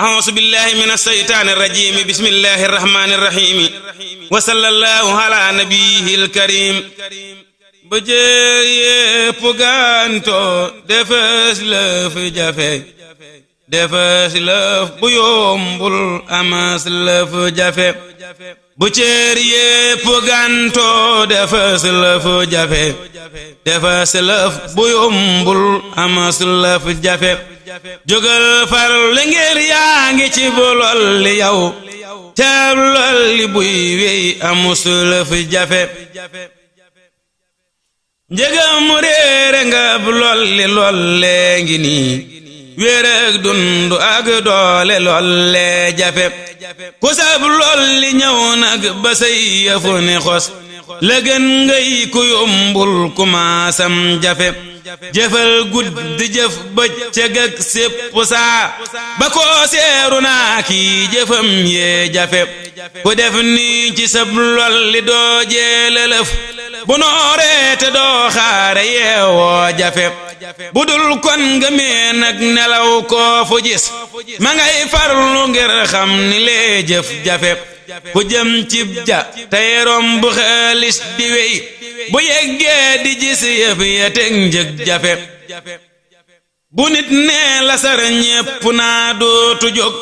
أعوذ بالله من الشيطان الرجيم بسم الله الرحمن الرحيم وصلى الله على نبيه الكريم بجي بوغانتو دفس لف جافي دفس لف بيوم بل أمس لف جافي بجي بوغانتو دفس لف جافي دفس لف بيوم بل أمس لف جافي jógal far li ngir yaa ngi ci bu lool li yow teeb lool li buy wéy amusul fi jafe njëgam mu réere nga bu lool li lool lee nii wéer ak dund ak doole lool lee jafe ku sab lool li ñëw nag ba say yëfu ni xos la gën ngay ku yombul kumaasam jafe jëfal guddi jëf bëccëg ak sépp ba ko seeru naa kii jëfam yee jafe ku def nii ci sab lol doo jee lëlëf bu nooree te doo xaare yeewoo jafe bu dul kon nga nelaw koo fu gis ma ngay farlu ngir xam ni lee jëf jafe ku jëm cib ja tey romb xaalis di wey bu yeggee di gis yëf ya teg njëg jafe bu nit nee lasar ñépp naa dootu jóg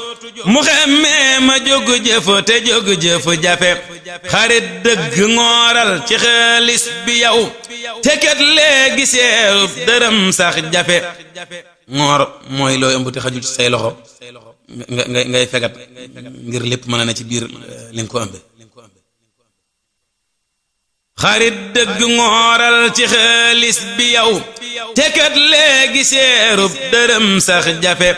mu xemmee ma jóg jëf te jóg jëf jafe xarit dëgg ngooral ci xaalis bi yow te kat lee dërëm sax jafe ngoor mooy loo ëmbuti xaju ci say loxo ngay ngay fegat ngir lépp mën na ci biir euh, li nga xarit dëgg ngooral ci xaalis bi yow te kat léegi seerub dërëm sax jafe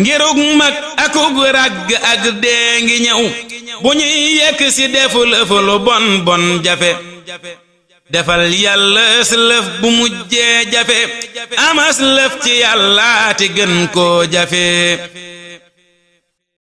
ngirug mag akug ràgg ak dee ngi ñëw bu ñuy yekk si defu lëfu lu bon bon jafe defal yàlla lëf bu mujjee jafe amas lëf ci yàllaati gën koo jafe